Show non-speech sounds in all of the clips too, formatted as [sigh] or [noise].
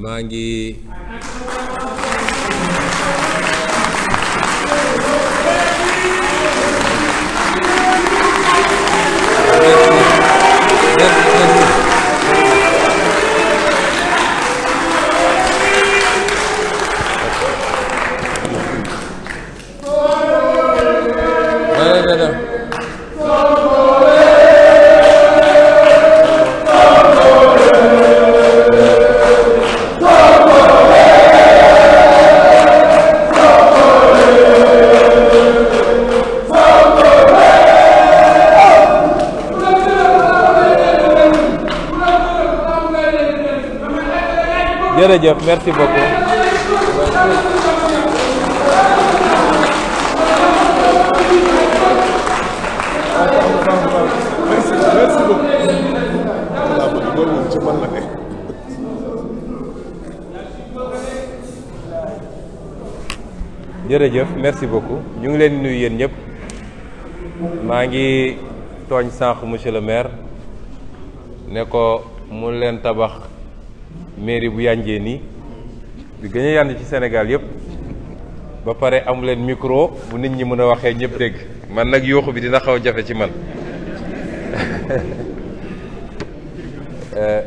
maa ngi jërëjëf merci beaucoup. jërëjëf merci beaucoup ñu ngi leen nuyu yéen ñëpp maa ngi tooñ sànq monsieur le maire ne ko mu leen tabax mairie bu yànjee nii bi gën ci senegal yëpp ba pare amu leen micro bu nit ñi mën a waxee ñëpp dégg man nag yuuxu bi dina xaw a jafe ci man [laughs] eh,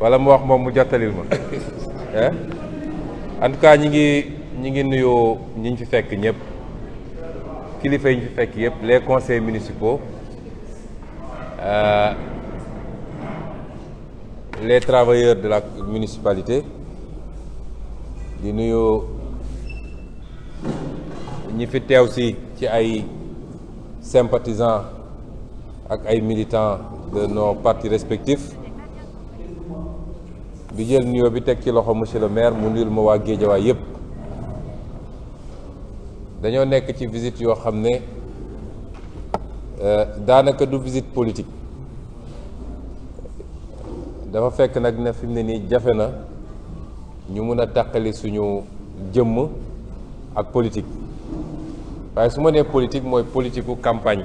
wala mu wax moom mu jottalil ma eh? en tout cas ñi ngi ñi ngi nuyoo ñi ñu fi fekk ñëpp kilifa yi ñu fi fekk yëpp les conseil municipaux. Eh, les travailleurs de la municipalité di nuyu ñi fi teew si ci ay sympathisants ak ay militants de nos partis respectifs di jël nuyoo bi teg ci loxo monsieur le maire mu nuyul ma waa Géejawaay yépp dañoo nekk ci visite yoo xam ne euh, daanaka du visite politique dafa fekk nag na fi ne nii jafe na ñu mun a tàqali suñu jëmm ak politique waaye su ma nee politique mooy politique u campagne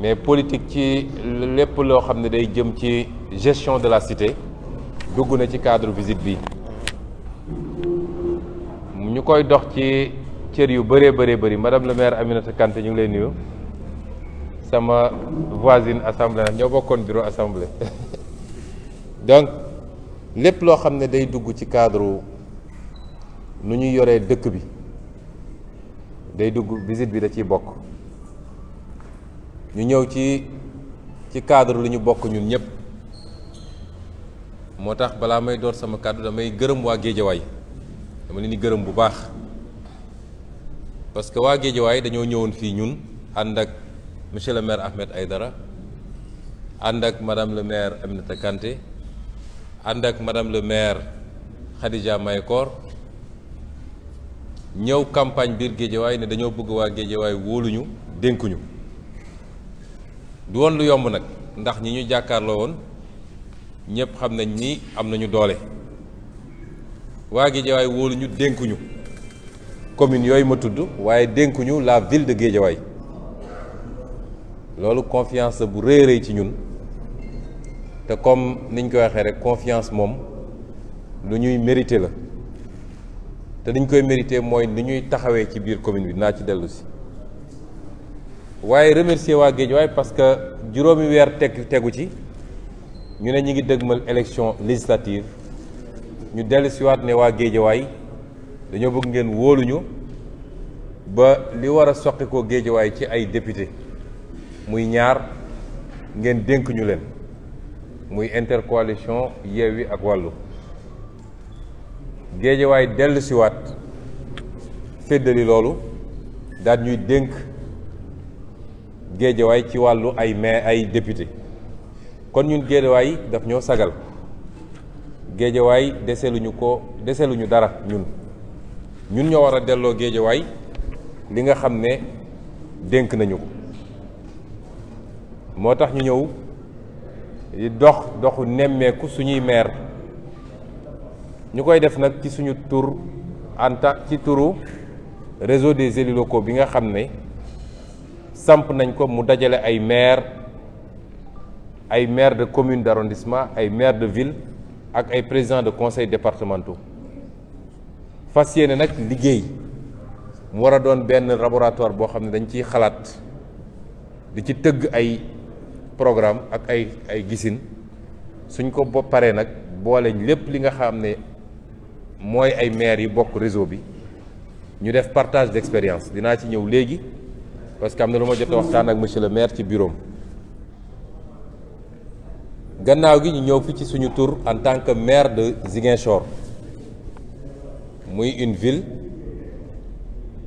mais politique ci lépp loo xam ne day jëm ci gestion de la cité dugg na ci cadre visite bi ñu koy dox ci cër yu bëree bëree bëri madame le maire Aminata Kanté ñu ngi lay nuyu. sama voisine assemblée nag ñoo bokkoon bureau assemblée [laughs] donc lépp loo xam ne day dugg ci cadre nu ñuy yore dëkk bi day dugg visite bi da ciy bokk ñu ñëw ci ci cadre lu ñu bokk ñun ñëpp moo tax balaa may door sama kàddu damay gërëm waa géejawaay dama leen di gërëm bu baax parce que waa géejawaay dañoo ñëwoon fii ñun ànd ak monsieur le maire Ahmed Aïdara ànd ak madame le maire Aminata Kanté ànd ak madame le maire Khadija Mahécor ñëw campagne biir Géejawaay ne dañoo bëgg waa Géejawaay wóoluñu dénkuñu du woon lu yomb nag ndax ñi ñu jàkkaarloo woon ñëpp xam nañ ni am nañu doole waa Géejawaay wóoluñu dénkuñu commune yooyu ma tudd waaye dénkuñu la ville de Géejawaay loolu confiance bu rëy rëy ci ñun te comme niñ koy waxee rek confiance moom lu ñuy mérité la te niñ koy mérité mooy ni ñuy taxawee ci biir commune bi naa ci dellu si waaye remercier waa Guédiawaye parce que juróomi weer teg tegu ci ñu ne ñu ngi dëgmal élection législative ñu dellu siwaat ne waa Guédiawaye dañoo bëgg ngeen wóoluñu ba li war a soqi ko Guédiawaye ci ay député muy ñaar ngeen dénk ñu leen muy intercoalition Yewwi ak Wàllu Géejawaay dellu siwaat féddali loolu daal ñuy dénk Géejawaay ci wàllu ay mais ay député kon ñun Géejawaay daf ñoo sagal Géejawaay deseeluñu ko deseeluñu dara ñun ñun ñoo war a delloo Géejawaay li nga xam ne dénk nañu ko moo tax ñu ñëw di dox doxu nemmeeku suñuy maire ñu koy def nag ci suñu tur anta ci turu réseau des élus locaux bi nga xam ne samp nañ ko mu dajale ay maire ay maire de commune d'arrondissement ay maire de ville ak ay président de conseil départementaux fas yéene nag liggéey mu war a doon benn laboratoire boo xam ne dañ ciy xalaat di ci tëgg ay programme ak ay ay gisin suñ ko ba paree nag boole lépp li nga xam ne mooy ay maires yi bokk réseau bi ñu def partage d'expérience dinaa ci ñëw léegi parce que am na lu ma jot waxtaan ak monsieur le maire ci bureau gannaaw gi ñu ñëw fi ci suñu tour en tant que maire de Ziguinchor muy une ville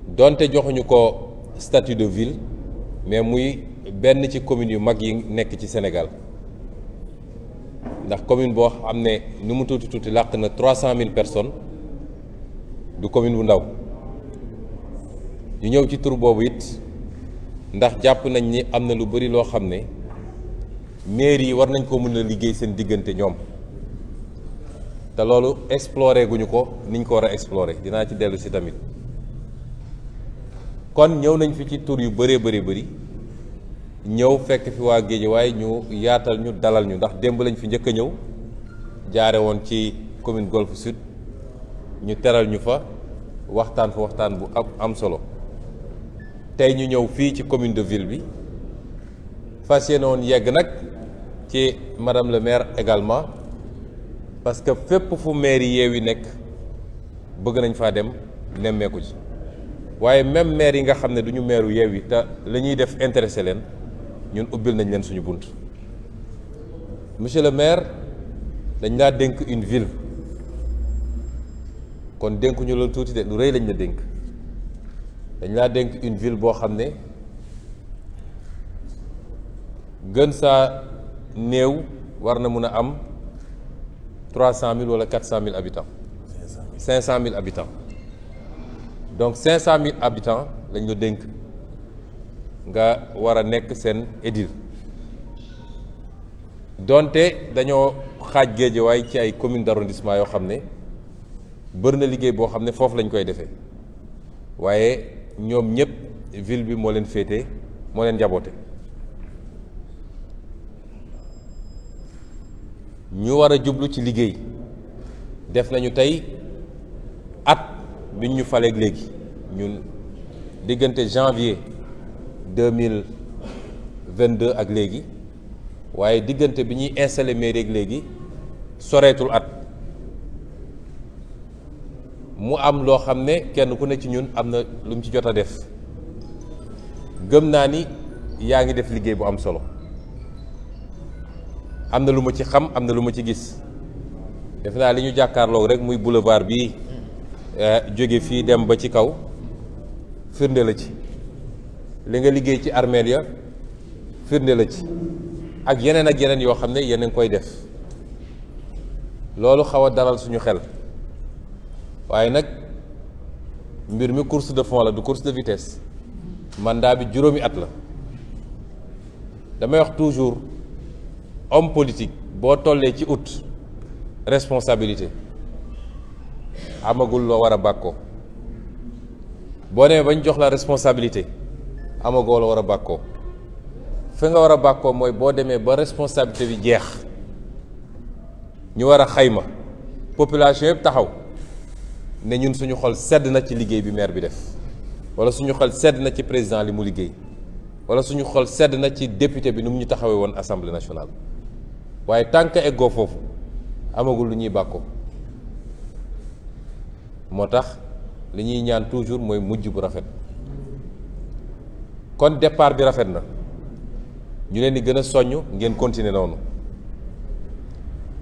donte joxuñu ko statut de ville mais muy benn ci commune yu mag yi nekk ci senegal ndax commune boo xam ne nu mu tuuti tuuti làkk na trois cent mille personnes du commune bu ndaw ñu ñëw ci tur boobu it ndax jàpp nañ ni am na lu bari loo xam ne mairie yi war nañ ko mën a liggéey seen diggante ñoom te loolu explorer guñu ko niñ ko war a explorer dinaa ci dellu si tamit kon ñëw nañ fi ci tur yu bëree bëri bëri ñëw fekk fi waa waaye ñu yaatal ñu dalal ñu ndax démb lañ fi njëkk a ñëw jaare woon ci commune Golf Sud ñu teral ñu fa waxtaan fa waxtaan bu am solo tey ñu ñëw fii ci commune de ville bi fas yéene woon yegg nag ci madame le maire également parce que fépp fu maire yi yeew yi nekk bëgg nañ faa dem nemmeeku ci waaye même maire yi nga xam ne du ñu maire yeew yi te la ñuy def intéressé leen ñun ubbil nañ leen suñu bunt monsieur le maire dañ laa dénk une ville kon dénkuñu loolu tuuti de lu rëy lañ la dénk dañ laa dénk une ville boo xam ne gën saa néew war na mun a am trois cent mille wala quatre cent mille habitants cinq cent mille habitants donc cinq cent mille habitants lañ la dénk nga war a nekk seen édile doonte dañoo xaaj waaye ci ay commune d'arrondissement yoo xam ne bëri na liggéey boo xam ne foofu lañ koy defee waaye ñoom ñëpp ville bi moo leen féete moo leen jaboote ñu war a jublu ci liggéey def nañu tey at biñ ñu faleeg léegi ñun diggante janvier deux mille vingt deux ak léegi waaye diggante bi ñuy installé mairie ak léegi soreetul at mu am loo xam ne kenn ku ne ci ñun am na lu mu ci jot a def gëm naa ni yaa ngi def liggéey bu am solo am na lu ma ci xam am na lu ma ci gis def naa li ñu jàkkaarloo rek muy boulevard bi eh, jóge fii dem ba ci kaw firnde la ci li nga liggéey ci armeel ya firnde la ci ak yeneen ak yeneen yoo xam ne yéen a ngi koy def loolu xaw a daral suñu xel waaye nag mbir mi course de fond la du course de vitesse mandat bi juróomi at la damay wax toujours homme politique boo tollee ci août responsabilité amagul loo war a bàkkoo boo demee bañ jox la responsabilité amagoo la war a bàkkoo fi nga war a bàkkoo mooy boo demee ba responsabilité bi jeex ñu war a xayma population yëpp taxaw ne ñun suñu xol sedd na ci liggéey bi maire bi def wala suñu xol sedd na ci président li mu liggéey wala suñu xol sedd na ci député bi nu mu ñu taxawee woon assemblée nationale waaye tant que eggoo foofu amagul lu ñuy bàkkoo moo tax li ñuy ñaan toujours mooy mujj bu rafet kon départ bi rafet na ñu leen di gën a soññ ngeen continuer noonu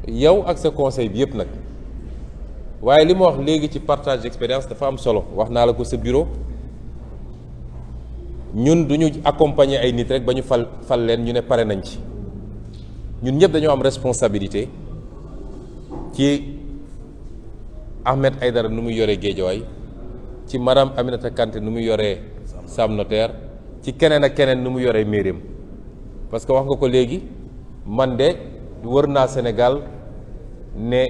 yow ak sa conseil bi yëpp nag waaye li ma wax léegi ci partage d'expérience dafa am solo wax naa la ko sa bureau ñun du ñu accompagner ay nit rek ba ñu fal fal leen ñu ne pare nañ ci ñun ñëpp dañoo am responsabilité ci Ahmed Aïdara nu muy yoree Géejawaay ci madame Aminata Kanté nu muy yoree Sam Notaire ci keneen ak keneen nu mu yoree mairéem parce que wax nga ko léegi man de wër naa Sénégal ne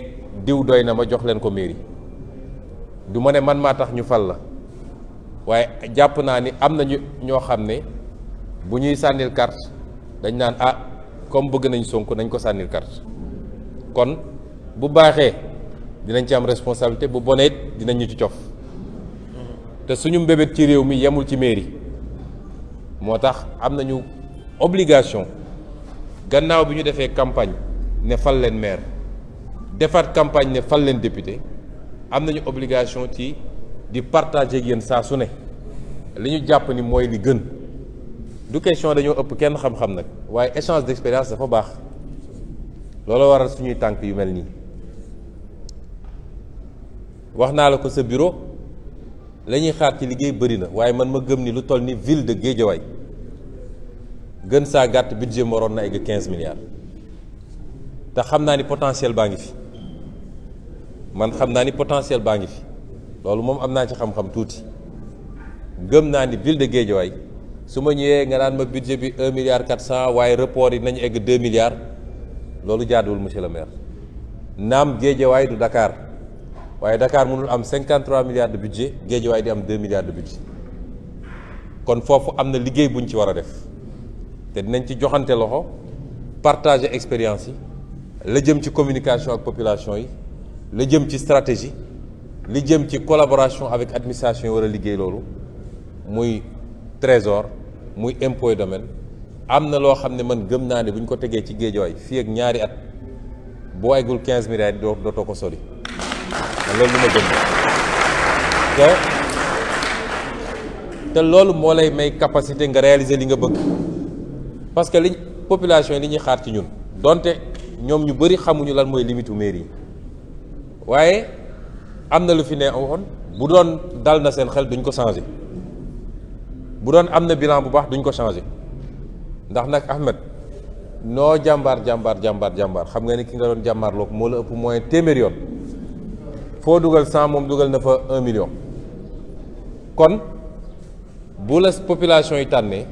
diw doy na ma jox leen ko mairie du ma ne man maa tax ñu fal la waaye jàpp naa ni am na ñu ñoo xam ne bu ñuy sànnil kart dañ naan ah comme bëgg nañ Sonko nañ ko sànnil carte kon bu baaxee dinañ ci am responsabilité bu boneet dinañ ci cof te suñu mbébét ci réew mi yemul ci mairie moo tax am nañu obligation gannaaw bi ñu defee campagne ne fal leen maire defaat campagne ne fal leen député am nañu obligation ci di partager génn saa su ne li ñu jàpp ni mooy li gën du question dañoo ëpp kenn xam-xam nag waaye échange d'expérience dafa baax loolu waral suñuy tànk yu mel nii wax naa la ko sa bureau la ñuy xaar ci liggéey bëri na waaye man ma gëm ni lu toll ni ville de Guédiawaye gën saa gàtt budget bi waroon na egg quinze milliards te xam naa ni potentiel baa ngi fi man xam naa ni potentiel baa ngi fi loolu moom am naa ci xam-xam tuuti gëm naa ni ville de Guédiawaye su ma ñëwee nga naan ma budget bi un milliard quatre cent waaye report yi nañu egg deux milliards loolu jaaduwul monsieur le maire naam Guédiawaye du Dakar waaye dakaar mënul am cinquante trois milliards de budget Guédiawaye di am deux milliards de budget kon foofu am na liggéey buñ ci war a def. te dinañ ci joxante loxo partager expérience yi la jëm ci communication ak population yi la jëm ci stratégie li jëm ci collaboration avec administration yi war a liggéey loolu muy trésor muy impôt domaine am na loo xam ne man gëm naa ne buñ ko tegee ci géejawaay fii ak ñaari at boo eggul 15 milliards doo dootoo ko sori loolu lu te te loolu moo lay may capacité nga réaliser li nga bëgg parce que liñ population yi li ñuy xaar ci ñun donte ñoom ñu bari xamuñu lan mooy limitu mairie waaye am na lu fi ne waxoon bu doon dal na seen xel duñ ko changé bu doon am na bilan bu baax duñ ko changé ndax nag Ahmed noo jàmbaar jàmbaar jàmbaar jàmbaar xam nga ni ki nga doon jàmbaar look moo la ëpp moyen téeméer yoon foo dugal cent moom dugal na fa un million kon bu la population yi tànnee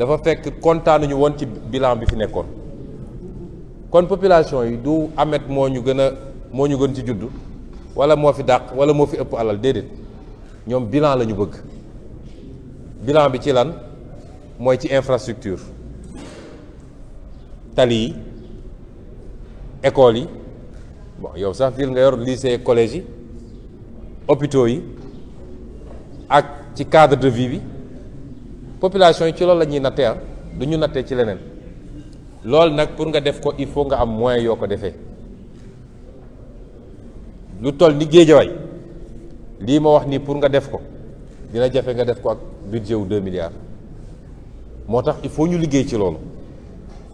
dafa fekk kontaanuñu woon ci bilan bi fi nekkoon kon population yi du amet moo ñu gën a moo ñu gën ci juddu wala moo fi dàq wala moo fi ëpp alal déedéet ñoom bilan lañu ñu bëgg bilan bi ci lan mooy ci infrastructure tali yi écoles yi bon yow sax ville nga yor lycée collège yi hôpitaux yi ak ci cadre de vie bi population yi ci loolu la ñuy nattee ah du ñu nattee ci leneen loolu nag pour nga def ko il faut nga am moyen yoo ko defee lu toll ni géejawaay lii ma wax nii pour nga def ko dina jafe nga def ko ak budget wu 2 milliards moo tax il faut ñu liggéey ci loolu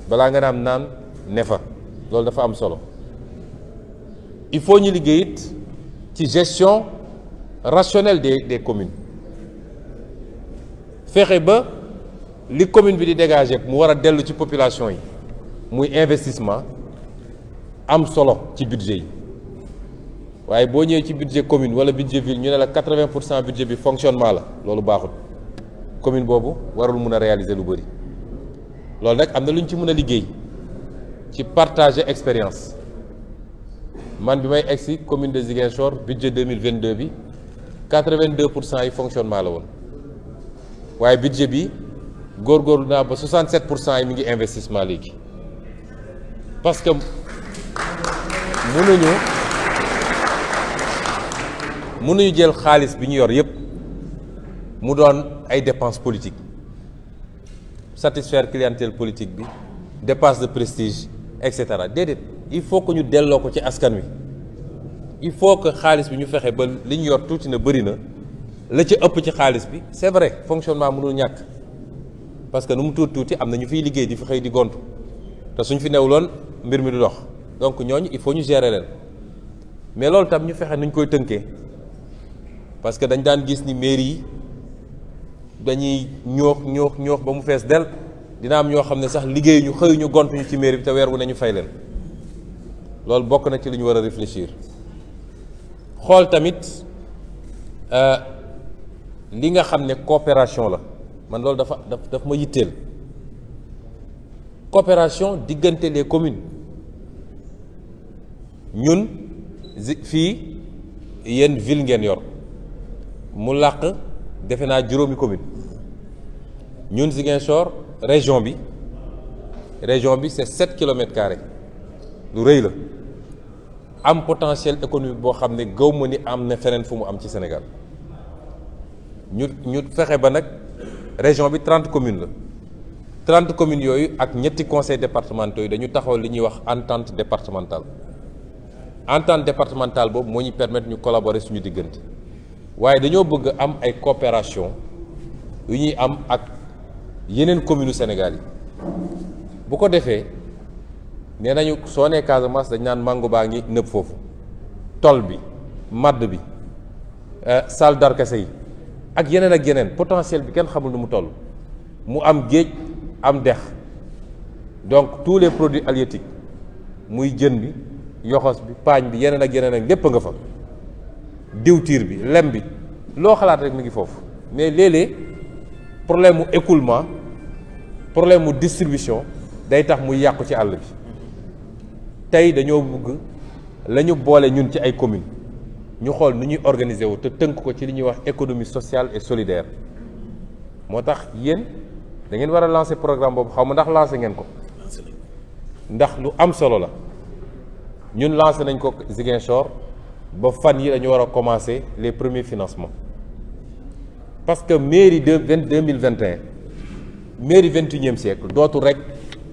balaa nga am naan ne fa loolu dafa am solo il faut ñu liggéey it ci gestion rationnelle des des communes fexe ba li commune bi di dégager mu war a dellu ci population yi muy investissement am solo ci budget yi waaye boo ñëwee ci budget commune wala budget ville ñu ne la quatre-vingt pour cent budget bi fonctionnement la loolu baaxul commune boobu warul mun a réaliser lu bëri loolu nag am na lu ñu ci mën a liggéey ci partage expérience man bi may egsi commune de Ziguinchor budget deux mille vingt-deux bi quatre-vingt-deux pour cent fonctionnement la woon. waaye budget bi góor góorgóorlu naa ba 67 pour cent yi mi ngi investissement léegi parce que mënuñu mënuñu jël xaalis bi ñu yor yépp mu doon ay dépenses politiques satisfaire clientèle politique bi dépense de prestige et cetera déedéet il faut que ñu delloo ko ci askan wi il faut que xaalis bi ñu fexe ba li ñu yor tuuti na bëri na. la ci ëpp ci xaalis bi c'est vrai fonctionnement mënul ñàkk parce que nu mu tuuti tuuti am na ñu fiy liggéey di fi xëy di gontu te suñ fi new lool mbir mi du dox donc ñooñu il faut ñu gérer leen mais loolu tam ñu fexe nuñ koy tënkee parce que dañ daan gis ni mairie yi dañuy ñoox ñoox ñoox ba mu fees del dina am ñoo xam ne sax liggéey ñu xëy ñu gontuñu ci mairie bi te weer wu ne ñu fay leen loolu bokk na ci lu ñu war a réfléchir xool tamit. Euh, li nga xam ne coopération la man loolu dafa daf daf ma yitteel coopération diggante les communes ñun fii yenn ville ngeen yor mu làq defe naa juróomi commune ñun Ziguinchor région bi région bi c'est sept kilomètres carrés lu rëy la am potentiel économique boo xam ne gaw ma ni am na feneen fu mu am ci Sénégal ñu ñu fexe ba nag région bi trente commune la trente communes yooyu ak ñetti conseil départementaux yi dañu taxaw li ñuy wax entente départementale entente départementale boobu moo ñu permettre ñu collaborer suñu diggante waaye dañoo bëgg am ay coopération yu ñuy am ak yeneen communes Sénégal yi bu ko defee nee nañu soo nee Casamance dañ naan mango baa ngi nëb foofu tol bi madd bi euh, salle d'arcasé yi ak yeneen ak yeneen potentiel bi kenn xamul nu mu toll mu am géej am dex donc tous les produits halieutiques muy jën bi yoxos bi paañ bi yeneen ak yeneen ak lépp nga fa diwtiir bi lem bi loo xalaat rek mi ngi foofu mais léeg-léeg problème mu écoulement problème mu distribution day tax mu yàqu ci àll bi tey dañoo bugg la ñu boole ñun ci ay communes ñu xool nu ñuy organiser wu te tënk ko ci li ñuy wax économie sociale et solidaire moo tax yéen da ngeen war a lancer programme boobu xaw ma ndax lancé ngeen ko. ndax lu am solo la ñun lancer nañ ko Ziguinchor ba fan yi dañu war a commencer les premiers financements parce que mairie de vingt deux mille vingt et un vingt et unième siècle dootul rek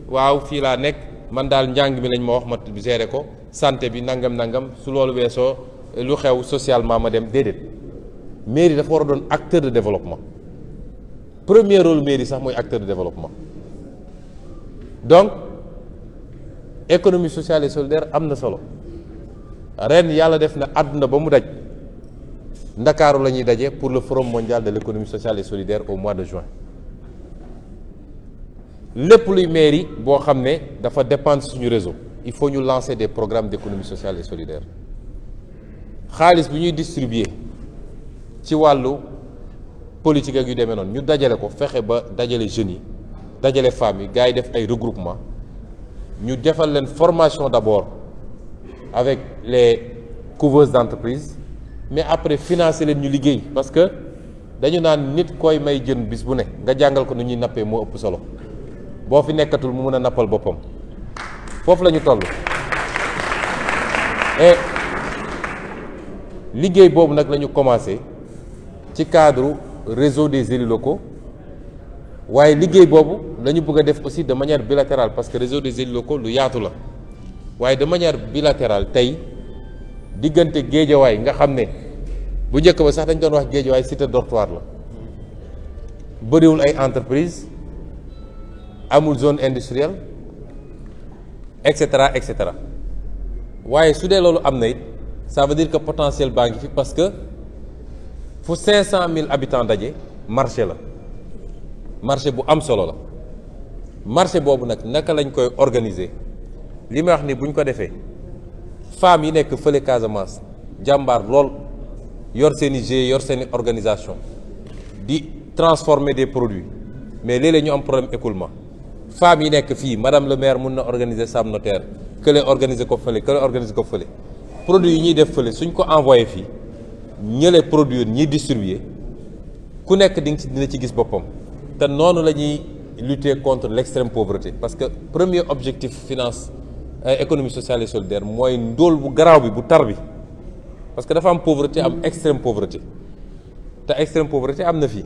waaw fii laa nekk man daal njàng mi lañ ma wax ma gérer ko santé bi nangam nangam su loolu weesoo. lu xew socialement ma dem déedéet mairie dafa war a doon acteur de développement premier rôle mairie sax mooy acteur de développement donc économie sociale et solidaire am na solo ren yàlla def na àdduna ba mu daj ndakaaru la ñuy daje pour le forum mondial de l'économie sociale et solidaire au mois de juin lépp luy mairie boo xam ne dafa dépendre suñu réseau il faut ñu lancer des programmes d'économie sociale et solidaire xaalis bi ñuy distribuer ci wàllu politique ak yu demee noonu ñu dajale ko fexe ba dajale jeunes yi dajale femmes yi gars yi def ay regroupement ñu defal leen formation d'abord avec les couveuses d'entreprise mais après financer leen ñu liggéey parce que dañu naan nit koy may jën bis bu ne nga jàngal ko nu ñuy nappee moo ëpp solo boo fi nekkatul mu mën a nappal boppam foofu la ñu toll liggéey boobu nag la ñu commencé ci cadre réseau des élus locaux waaye liggéey boobu la ñu bëgg a def aussi de manière bilatérale parce que réseau des élus locaux lu yaatu la waaye de manière bilatérale tey diggante géejawaay nga xam ne bu njëkk ba sax dañ doon wax géejawaay cité dortoir la bëriwul ay entreprise amul zone industrielle et cetera et cetera waaye su dee loolu am na it ça veut dire que potentiel baa ngi fi parce que fu 500000 habitants daje marché la marché bu am solo la marché boobu nag naka lañ koy organiser li ma wax ni buñ ko defee femmes yi nekk fële Casamance jàmbaar lool yor seen i GIE yor seen i organisation di transformer de produits mais léeg-léeg ñu am problème écoulement femmes yi nekk fii madame le maire mun na organiser sam notaire kële organiser ko fële kële organiser ko fële. produit yi ñuy def fële suñ ko envoyé fii ñële produire ñiy distribuer ku nekk di ci dina ci gis boppam te noonu la ñuy lutter contre l'extrême pauvreté parce que premier objectif finance euh, économie sociale et solidaire mooy ndóol bu garaaw bi bu tar bi parce que dafa am pauvreté am mm. extrême pauvreté te extrême pauvreté am na fii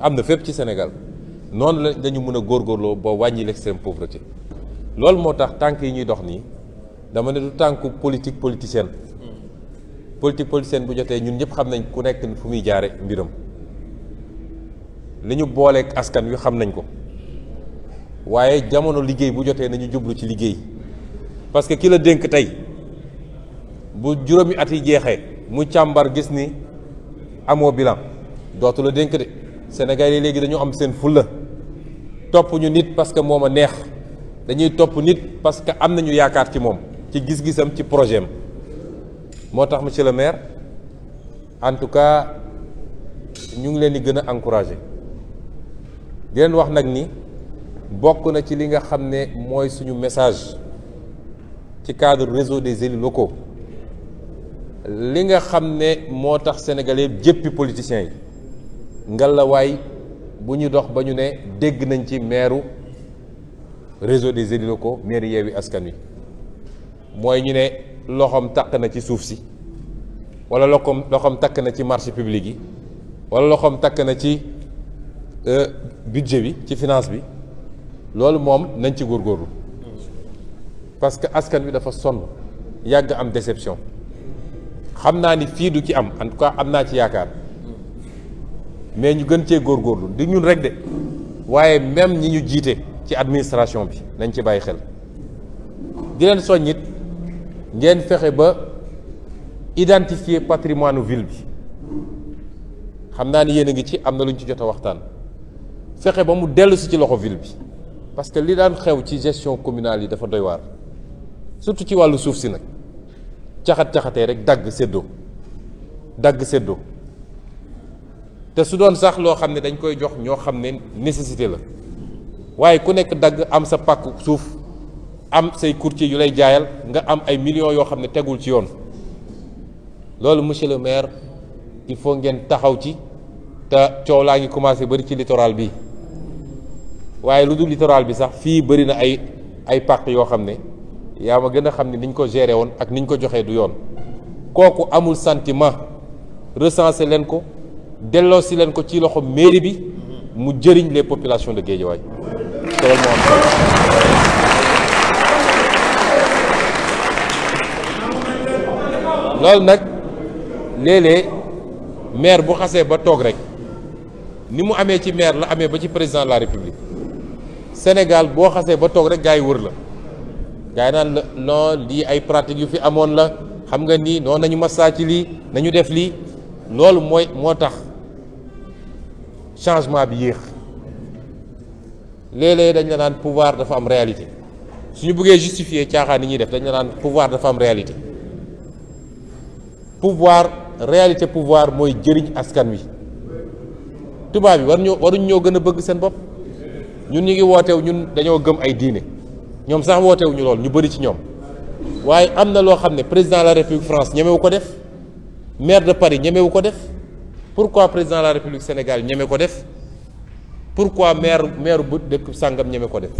am na fépp ci Sénégal noonu la dañu mën a góorgóorloo ba wàññi l'extrême pauvreté loolu moo tax tànk yi ñuy dox nii dama ne du tànku politique politicienne politique politicienne bu jotee ñun ñëpp xam nañ ku nekk fu muy jaare mbiram li ñu booleeg askan wi xam nañ ko waaye jamono liggéey bu jotee nañu jublu ci liggéey parce que ki la dénk tey bu juróomi at yi jeexee mu càmbar gis ni amoo bilan dootu la dénk de Sénégal yi léegi dañu am seen fulla topp ñu nit parce que moom a neex dañuy topp nit parce que am nañu yaakaar ci moom ci gis-gisam ci projet moo tax monsieur le maire en tout cas ñu ngi leen di gën a encourager di leen wax nag ni bokk na ci li nga xam ne mooy suñu message ci cadre réseau des la ko li nga xam ne moo tax sénégalais jëppi politiciens yi ngalawaay bu ñu dox ba ñu ne dégg nañ ci maire réseau des élus locaux maire Yewwi Askan Wi mooy ñu ne loxoom takk na ci suuf si wala loxoom loxoom takk na ci marché public yi wala loxoom takk na ci euh, budget bi ci finance bi loolu moom nañ ci góor góorgóorlu parce que askan wi dafa sonn yàgg am déception xam naa ni fii du ci am en tout cas am naa ci yaakaar mais ñu gën cee góorgóorlu di ñun rek de waaye même ñi ñu jiite ci administration bi nañ ci bàyyi xel di leen soññit ngeen fexe ba identifier patrimoine ville bi xam naa ni yéen a ngi ci am na lu ñu ci jot a waxtaan fexe ba mu dellu si ci loxo ville bi parce que li daan xew ci gestion communale yi dafa doy waar surtout ci wàllu suuf si nag caxat caxatee rek dagg séddoo dagg séddoo te su doon sax loo xam ne dañ koy jox ñoo xam ne nécessité la waaye ku nekk dagg am sa pàkk suuf am say courtier yu lay jaayal nga am ay millions yoo xam ne tegul ci yoon loolu monsieur le maire il faut ngeen taxaw ci te coow laa ngi commencé bari ci littoral bi waaye lu dul littoral bi sax fii bëri na ay ay pàq yoo xam ne yaa a gën a xam ne niñ ko géré woon ak niñ ko joxee du yoon kooku amul sentiment recensé leen ko delloo si leen ko ci loxo mairie bi mu jëriñ les populations de Guédiawaye loolu nag léeg-léeg maire bu xasee ba toog rek ni mu amee ci maire la amee ba ci président de la république Sénégal boo xasee ba toog rek gars yi wër la gars yi naan la non lii ay pratiques yu fi amoon la xam nga nii noonu nañu massa ci lii nañu def lii loolu mooy moo tax changement bi yéex léeg-léeg dañ la naan pouvoir dafa am réalité suñu buggee justifier caaxaan ni ñuy def dañu naan pouvoir dafa am réalité pouvoir réalité pouvoir mooy jëriñ askan wi tubaab yi war ñoo waruñ ñoo gën a bëgg seen bopp ñun ñu ngi wooteew ñun dañoo gëm ay diine ñoom sax wooteew ñu ñu bëri ci ñoom waaye am na loo xam ne président la république France ñemewu ko def maire de Paris ñemewu ko def pourquoi président de la république Sénégal ñeme ko def pourquoi maire maire bu dëkk sàngam ñeme ko def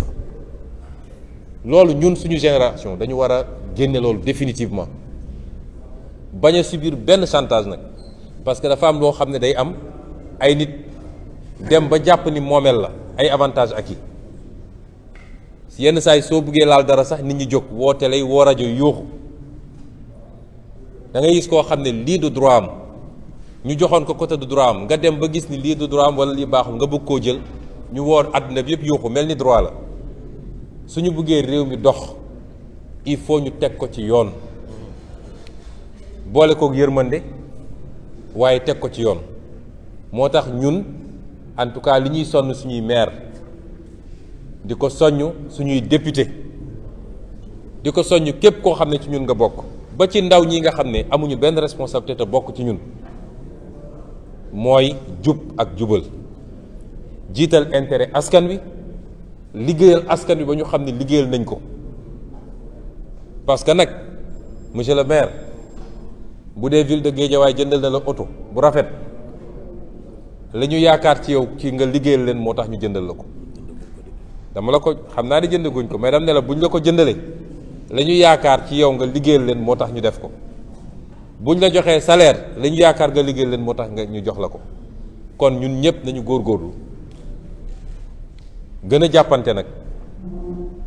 loolu ñun suñu génération dañu war a génne loolu définitivement bañ a subir benn chantage nag parce que dafa am loo xam ne day am ay nit dem ba jàpp ni moomeel la ay avantage acquis yenn saa yi soo buggee laal dara sax nit ñi jóg woo télé woo rajo yooxu da ngay gis koo xam ne lii du droit am ñu joxoon ko côté du droit am nga dem ba gis ni lii du droit am wala lii baaxul nga bugg koo jël ñu woon àdduna bi yëpp yooxu mel ni droit la suñu buggee réew mi dox il faut ñu teg ko ci yoon boole kook yërmande waaye teg ko ci yoon moo tax ñun en tout cas li ñuy sonn suñuy maire di ko soññ suñuy député di ko soññ képp koo xam ne ci ñun nga bokk ba ci ndaw ñi nga xam ne amuñu benn responsabilité te bokk ci ñun mooy jub ak jubal jiital intérêt askan wi liggéeyal askan wi ba ñu xam ne liggéeyal nañ ko parce que nag monsieur le maire bu dee ville de Guédiawaye jëndal na la oto bu rafet la ñu yaakaar ci yow ci nga liggéeyal leen moo tax ñu jëndal la ko dama la ko xam naa ne jëndaguñ ko mais dama ne bu ñu la ko jëndalee la ñu yaakaar ci yow nga liggéeyal leen moo tax ñu def ko ñu la joxee salaire la ñu yaakaar nga liggéeyal leen moo tax nga ñu jox la ko kon ñun ñëpp nañu góorlu gën a jàppante nag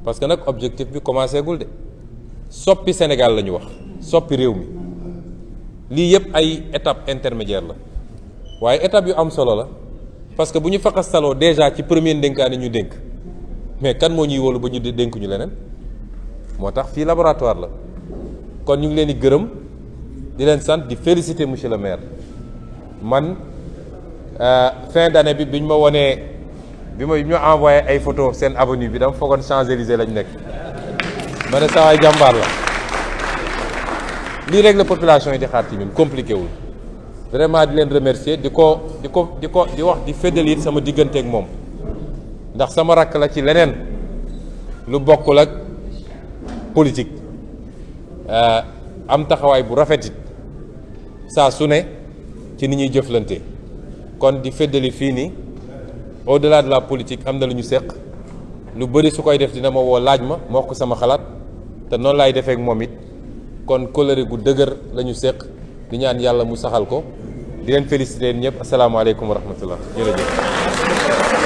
parce que nag objectif bi commencé gul de soppi Sénégal la ñu wax soppi réew mi. lii yëpp ay étape intermédiaire la waaye étape yu am solo la parce que bu ñu faqastaloo déjà ci premier ndénkaane ñu dénk mais kan moo ñuy wóolu ba ñu dénk ñu leneen moo tax fii laboratoire la kon ñu ngi leen di gërëm di leen sant di féliciter monsieur le maire man euh, fin d'année bi bi ñu ma wonee bi ma ñu envoyé ay photo seen avenue bi dama foogoon Champs-Élysées lañ nekk ma ne saa jàmbaar la lii rek la population yi di xaar ci ñun compliqué wul vraiment di leen remercier di ko di ko di ko di wax di feddali it sama digganteeg moom ndax sama rakk la ci leneen lu bokkul ak politique eh, am taxawaay bu rafetit saa su ne ci ni ñuy jëflante kon di feddali fii nii au-delà de la politique am na lu ñu seq lu bari su koy def dina ma woo laaj ma ma wax ko sama xalaat te noonu laay defee ak moom it. kon kóllëre gu dëgër la ñu séq di ñaan yàlla mu saxal ko di leen félicité ñëpp asalaamaaleykum wa rahmatullah jërëjëf